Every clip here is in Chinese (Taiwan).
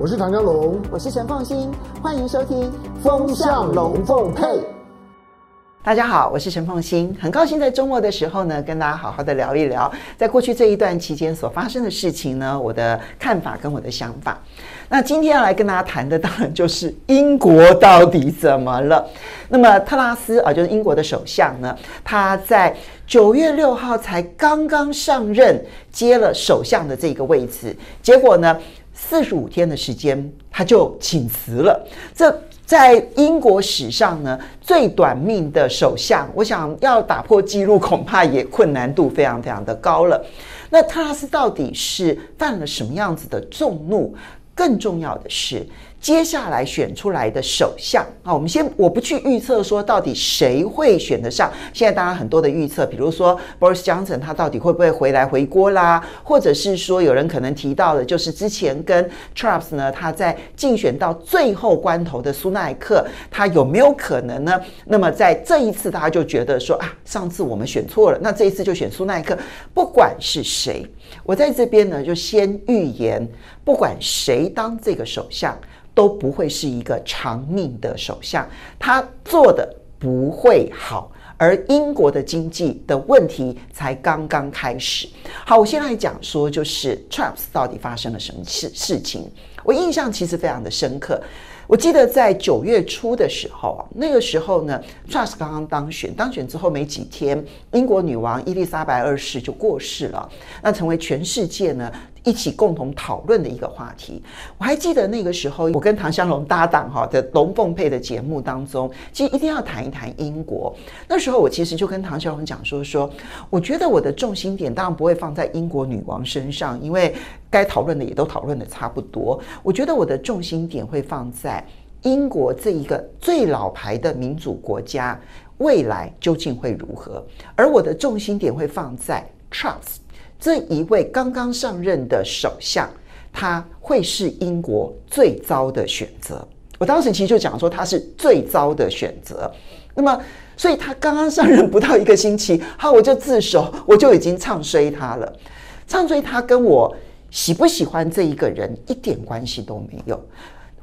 我是唐湘龍，我是陳鳳馨，歡迎收聽《風向龍鳳配》。大家好，我是陳鳳馨，很高興在周末的時候呢，跟大家好好的聊一聊，在過去這一段期間所發生的事情呢，我的看法跟我的想法。那今天要來跟大家談的，當然就是英國到底怎麼了？那麼特拉斯啊，就是英國的首相呢，她在九月六號才剛剛上任，接了首相的這個位置，結果呢？四十五天的時間，他就請辭了。這在英國史上呢，最短命的首相，我想要打破紀錄，恐怕也困難度非常非常的高了。那特拉斯到底是犯了什麼樣子的眾怒？更重要的是，接下來選出來的首相啊，我們先我不去預測說到底誰會選得上。現在大家很多的預測，比如說 Boris Johnson 他到底會不會回來回鍋啦？或者是說有人可能提到的，就是之前跟特拉斯呢，他在競選到最後關頭的蘇納克，他有沒有可能呢？那麼在這一次，大家就覺得說啊，上次我們選錯了，那這一次就選蘇納克。不管是誰，我在這邊呢就先預言，不管誰當這個首相，都不會是一個長命的首相，他做的不會好，而英國的經濟的問題才剛剛開始。好，我先來講說，就是 Truss 到底發生了什麼事事情？我印象其實非常的深刻，我記得在九月初的時候啊，那個時候呢，Truss 剛剛當選，當選之後沒幾天，英國女王伊麗莎白二世就過世了，那成為全世界呢。一起共同討論的一個話題。我還記得那個時候，我跟唐湘龍搭檔哈，在龍鳳配的節目當中，其實一定要談一談英國。那時候我其實就跟唐湘龍講說說，我覺得我的重心點當然不會放在英國女王身上，因為該討論的也都討論的差不多。我覺得我的重心點會放在英國這一個最老牌的民主國家未來究竟會如何，而我的重心點會放在 Truss。這一位剛剛上任的首相，他會是英國最糟的選擇。我當時其實就講說他是最糟的選擇。那麼，所以他剛剛上任不到一個星期，好，我就自首，我就已經唱衰他了。唱衰他跟我喜不喜歡這一個人一點關係都沒有。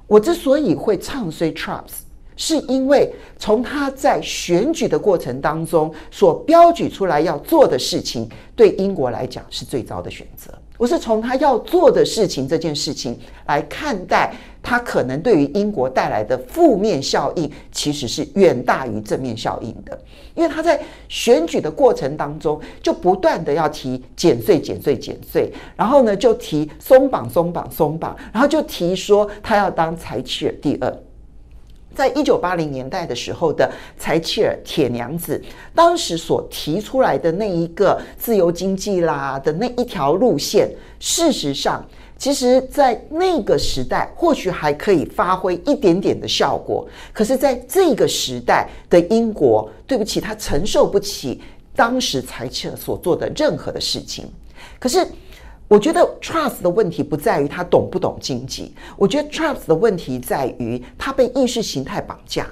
我之所以會唱衰 Truss。是因為從他在選舉的過程當中所標舉出來要做的事情，對英國來講是最糟的選擇。我是從他要做的事情這件事情來看待他可能對於英國帶來的負面效應，其實是遠大於正面效應的。因為他在選舉的過程當中就不斷地要提減稅、減稅、減稅，然後呢就提鬆綁、鬆綁、鬆綁，然後就提說他要當柴契爾第二。在一九八零年代的時候的柴契爾鐵娘子，當時所提出來的那一個自由經濟啦的那一條路線，事實上，其實在那個時代或許還可以發揮一點點的效果，可是，在這個時代的英國，對不起，他承受不起當時柴契爾所做的任何的事情，可是。我覺得 Truss 的問題不在於他懂不懂經濟，我覺得 Truss 的問題在於他被意識形態綁架。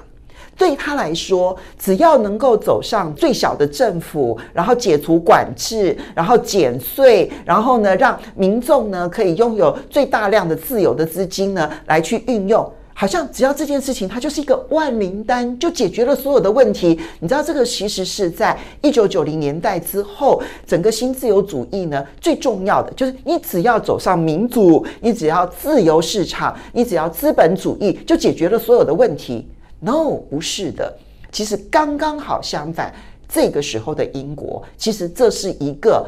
對他來說，只要能夠走上最小的政府，然後解除管制，然後減稅，然後呢，讓民眾呢可以擁有最大量的自由的資金呢，來去運用。好像只要這件事情，它就是一個萬靈丹，就解決了所有的問題。你知道，這個其實是在一九九零年代之後，整個新自由主義呢最重要的就是，你只要走上民主，你只要自由市場，你只要資本主義，就解決了所有的問題。No，不是的，其實剛剛好相反。這個時候的英國，其實這是一個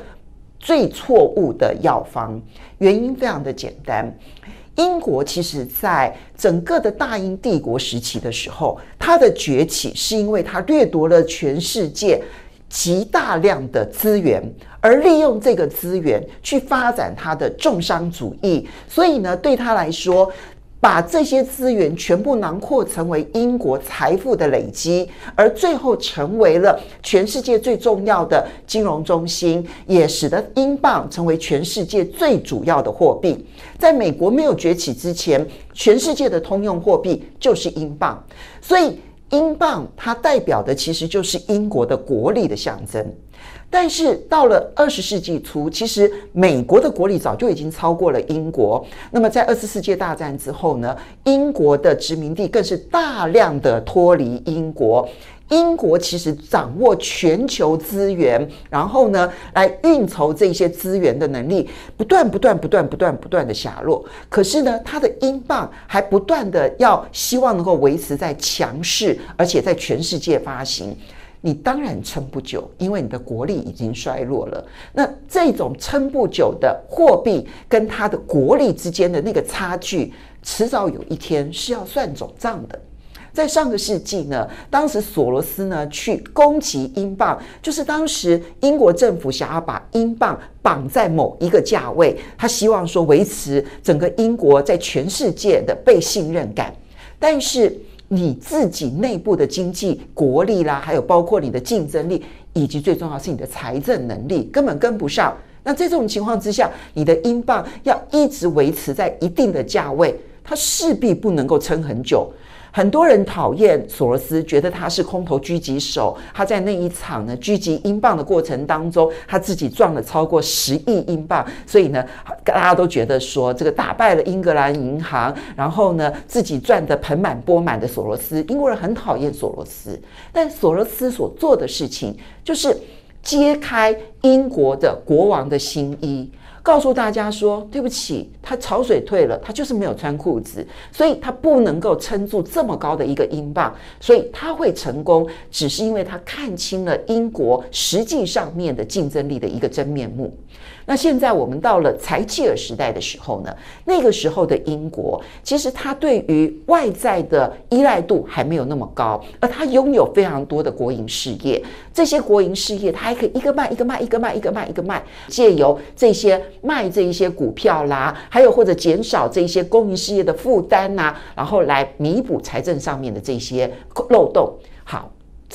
最錯誤的藥方。原因非常的簡單。英國其實在整個的大英帝國時期的時候，它的崛起是因為它掠奪了全世界極大量的資源，而利用這個資源去發展它的重商主義。所以呢，對他來說，把這些資源全部囊括成為英國財富的累積，而最後成為了全世界最重要的金融中心，也使得英鎊成為全世界最主要的貨幣。在美國沒有崛起之前，全世界的通用貨幣就是英鎊。所以英鎊它代表的其實就是英國的國力的象徵。但是到了二十世紀初，其實美國的國力早就已經超過了英國。那麼在二次世界大戰之後呢，英國的殖民地更是大量的脫離英國。英國其實掌握全球資源，然後呢，來運籌這些資源的能力不斷，不斷不斷不斷不斷不斷的下落。可是呢，它的英鎊還不斷的要希望能夠維持在強勢，而且在全世界發行。你當然撐不久，因為你的國力已經衰落了。那這種撐不久的貨幣跟它的國力之間的那個差距，遲早有一天是要算總賬的。在上個世紀呢，當時索羅斯呢去攻擊英鎊，就是當時英國政府想要把英鎊綁在某一個價位，他希望說維持整個英國在全世界的被信任感，但是。你自己內部的經濟國力啦，還有包括你的競爭力，以及最重要的是你的財政能力，根本跟不上。那在這種情況之下，你的英鎊要一直維持在一定的價位，它勢必不能夠撐很久。很多人討厭索羅斯，覺得他是空頭狙擊手。他在那一場呢狙擊英鎊的過程當中，他自己賺了超過十億英鎊，所以呢，大家都覺得說，這個打敗了英格蘭銀行，然後呢，自己賺得盆滿缽滿的索羅斯，英國人很討厭索羅斯。但索羅斯所做的事情，就是揭開英國的國王的新衣。告訴大家說：“對不起，他潮水退了，他就是沒有穿褲子，所以他不能夠撐住這麼高的一個英鎊，所以他會成功，只是因為他看清了英國實際上面的競爭力的一個真面目。”那現在我們到了柴契爾時代的時候呢？那個時候的英國，其實它對於外在的依賴度還沒有那麼高，而它擁有非常多的國營事業，這些國營事業它還可以一個賣一個賣一個賣一個賣一個賣，一個賣，借由這些賣這一些股票啦，還有或者減少這些公營事業的負擔吶、啊，然後來彌補財政上面的這些漏洞。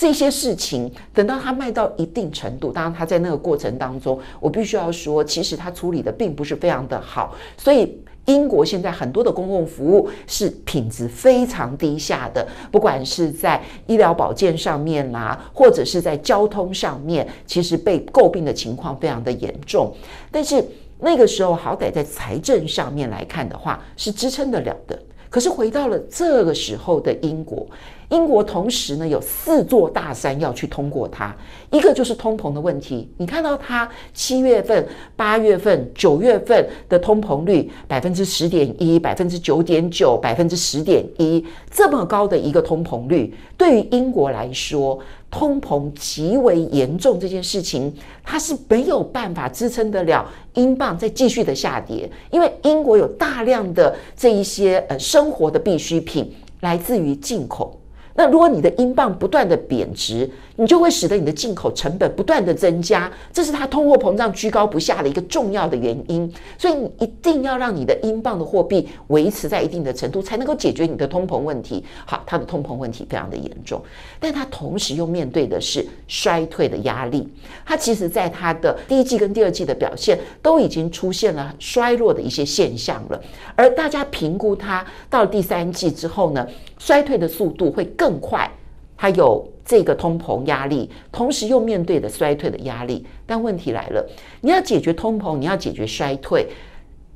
這些事情等到他賣到一定程度，當然他在那個過程當中，我必須要說，其實他處理的並不是非常的好。所以英國現在很多的公共服務是品質非常低下的，不管是在醫療保健上面啦、啊，或者是在交通上面，其實被詬病的情況非常的嚴重。但是那個時候好歹在財政上面來看的話是支撐得了的。可是回到了這個時候的英國。英國同時呢有四座大山要去通過它，一個就是通膨的問題。你看到它七月份、八月份、九月份的通膨率百分之十點一、百分之九點九、百分之十點一，這麼高的一個通膨率，對於英國來說，通膨極為嚴重這件事情，它是沒有辦法支撐得了英鎊再繼續的下跌，因為英國有大量的這一些呃生活的必需品來自於進口。那如果你的英鎊不斷的貶值，你就會使得你的進口成本不斷的增加，這是它通貨膨脹居高不下的一個重要的原因。所以你一定要讓你的英鎊的貨幣維持在一定的程度，才能夠解決你的通膨問題。好，它的通膨問題非常的嚴重，但它同時又面對的是衰退的壓力。它其實在它的第一季跟第二季的表現都已經出現了衰落的一些現象了，而大家評估它到第三季之後呢，衰退的速度會。更快，它有這個通膨壓力，同時又面對的衰退的壓力。但問題來了，你要解決通膨，你要解決衰退，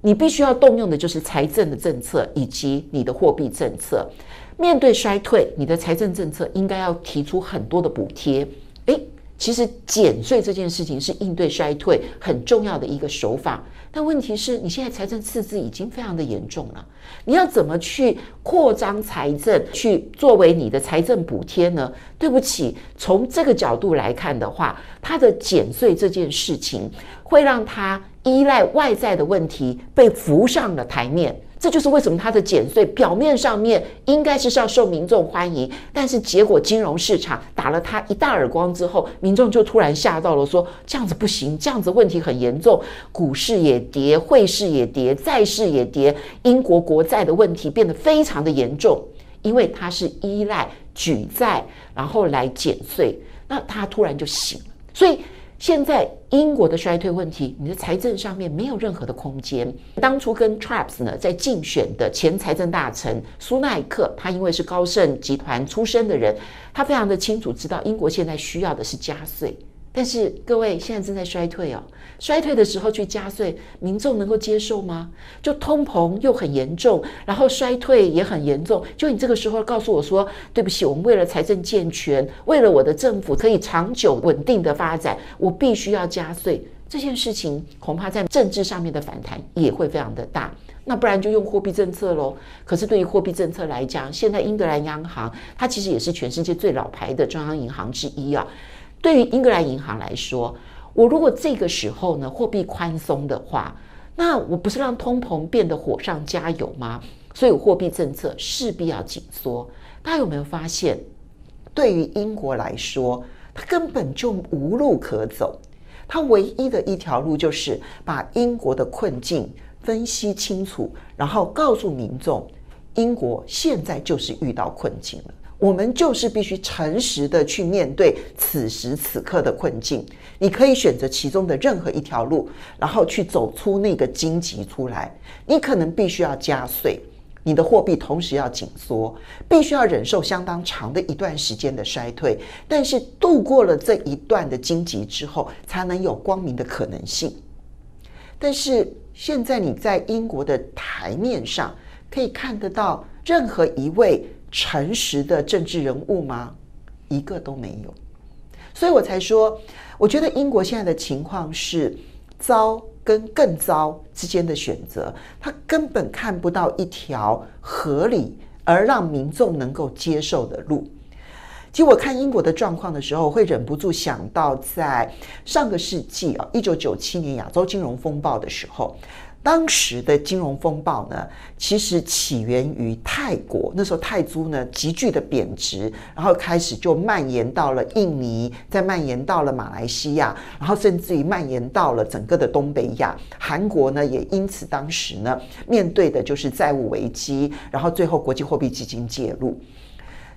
你必須要動用的就是財政的政策以及你的貨幣政策。面對衰退，你的財政政策應該要提出很多的補貼。誒其實減稅這件事情是應對衰退很重要的一個手法，但問題是，你現在財政赤字已經非常的嚴重了，你要怎麼去擴張財政，去作為你的財政補貼呢？對不起，從這個角度來看的話，它的減稅這件事情，會讓他依賴外在的問題被浮上了檯面。這就是為什麼它的減稅表面上面應該是要受民眾歡迎，但是結果金融市場打了他一大耳光之後，民眾就突然嚇到了說，說這樣子不行，這樣子問題很嚴重，股市也跌，匯市也跌，債市也跌，英國國債的問題變得非常的嚴重，因為它是依賴舉債然後來減稅，那他突然就醒了，所以。現在英國的衰退問題，你的財政上面沒有任何的空間。當初跟 Truss 呢，在競選的前財政大臣蘇納克，他因為是高盛集團出身的人，他非常的清楚知道英國現在需要的是加稅。但是各位，現在正在衰退哦，衰退的時候去加稅，民眾能夠接受嗎？就通膨又很嚴重，然後衰退也很嚴重，就你這個時候告訴我說：“對不起，我們為了財政健全，為了我的政府可以長久穩定的發展，我必須要加稅。”這件事情恐怕在政治上面的反彈也會非常的大。那不然就用貨幣政策嘍。可是對於貨幣政策來講，現在英格蘭央行它其實也是全世界最老牌的中央銀行之一啊。對於英格蘭銀行來說，我如果這個時候呢，貨幣寬鬆的話，那我不是讓通膨變得火上加油嗎？所以貨幣政策勢必要緊縮。大家有沒有發現，對於英國來說，他根本就無路可走，他唯一的一條路就是把英國的困境分析清楚，然後告訴民眾，英國現在就是遇到困境了。我們就是必須誠實的去面對此時此刻的困境。你可以選擇其中的任何一條路，然後去走出那個荊棘出來。你可能必須要加稅，你的貨幣同時要緊縮，必須要忍受相當長的一段時間的衰退。但是度過了這一段的荊棘之後，才能有光明的可能性。但是現在你在英國的台面上可以看得到任何一位誠實的政治人物嗎？一個都沒有，所以我才說，我覺得英國現在的情況是糟跟更糟之間的選擇，他根本看不到一條合理而讓民眾能夠接受的路。其實我看英國的狀況的時候，我會忍不住想到在上個世紀啊，一九九七年亞洲金融風暴的時候。當時的金融風暴呢，其實起源於泰國，那時候泰銖呢急劇的貶值，然後開始就蔓延到了印尼，再蔓延到了馬來西亞，然後甚至於蔓延到了整個的東北亞。韓國呢也因此當時呢面對的就是債務危機，然後最後國際貨幣基金介入。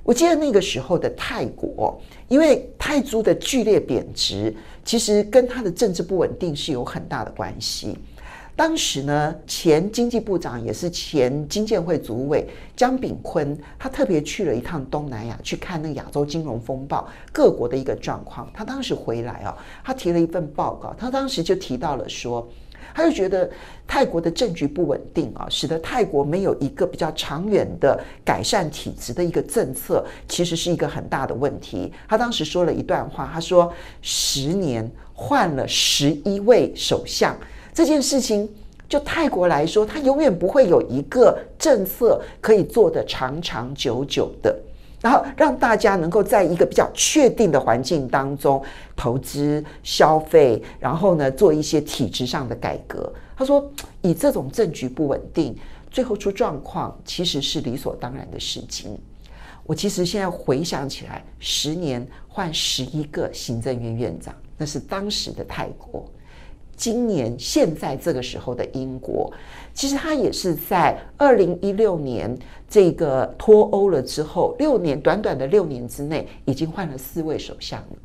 我記得那個時候的泰國，因為泰銖的劇烈貶值，其實跟它的政治不穩定是有很大的關係。當時呢，前經濟部長也是前經建會主委江炳坤，他特別去了一趟東南亞，去看那亞洲金融風暴各國的一個狀況。他當時回來啊，他提了一份報告，他當時就提到了說，他就覺得泰國的政局不穩定啊，使得泰國沒有一個比較長遠的改善體制的一個政策，其實是一個很大的問題。他當時說了一段話，他說：“十年換了十一位首相。”這件事情，就泰國來說，它永遠不會有一個政策可以做得長長久久的，然後讓大家能夠在一個比較確定的環境當中投資、消費，然後呢，做一些體制上的改革。他說，以這種政局不穩定，最後出狀況，其實是理所當然的事情。我其實現在回想起來，十年換十一個行政院院長，那是當時的泰國。今年現在這個時候的英國，其實他也是在二零一六年這個脫歐了之後，六年，短短的六年之內，已經換了四位首相了。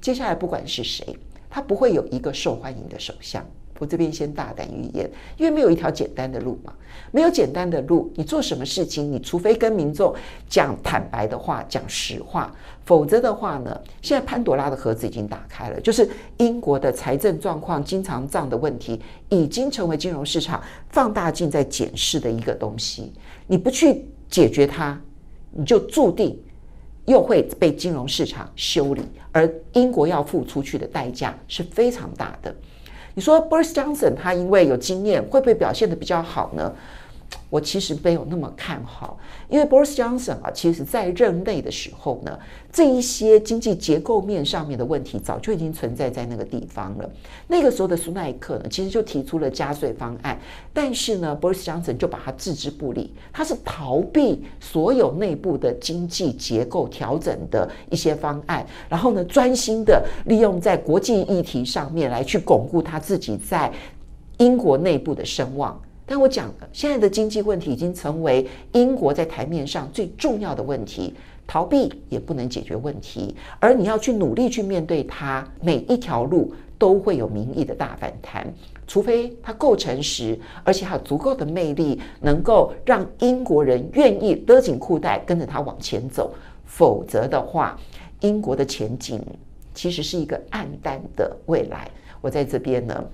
接下來不管是誰，他不會有一個受歡迎的首相。我這邊先大膽預言，因為沒有一條簡單的路嘛，沒有簡單的路，你做什麼事情，你除非跟民眾講坦白的話，講實話，否則的話呢，現在潘多拉的盒子已經打開了，就是英國的財政狀況、經常賬的問題，已經成為金融市場放大鏡在檢視的一個東西。你不去解決它，你就注定又會被金融市場修理，而英國要付出去的代價是非常大的。你說，Boris Johnson 他因為有經驗，會不會表現得比較好呢？我其實沒有那麼看好，因為 Boris Johnson 啊，其實，在任內的時候呢，這一些經濟結構面上面的問題早就已經存在在那個地方了。那個時候的蘇納克呢，其實就提出了加稅方案，但是呢，Boris Johnson 就把它置之不理，他是逃避所有內部的經濟結構調整的一些方案，然後呢，專心的利用在國際議題上面來去鞏固他自己在英國內部的聲望。但我講，現在的經濟問題已經成為英國在檯面上最重要的問題，逃避也不能解決問題，而你要去努力去面對它，每一條路都會有民意的大反彈，除非它夠誠實，而且還有足夠的魅力，能夠讓英國人願意勒緊褲帶跟着它往前走，否則的話，英國的前景其實是一個黯淡的未來。我在這邊呢。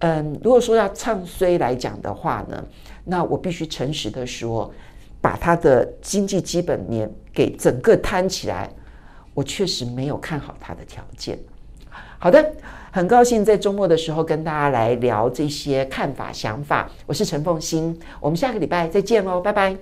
嗯，如果說要唱衰來講的話呢，那我必須誠實地說，把他的經濟基本面給整個攤起來，我確實沒有看好他的條件。好的，很高興在周末的時候跟大家來聊這些看法想法，我是陳鳳馨，我們下個禮拜再見嘍，拜拜。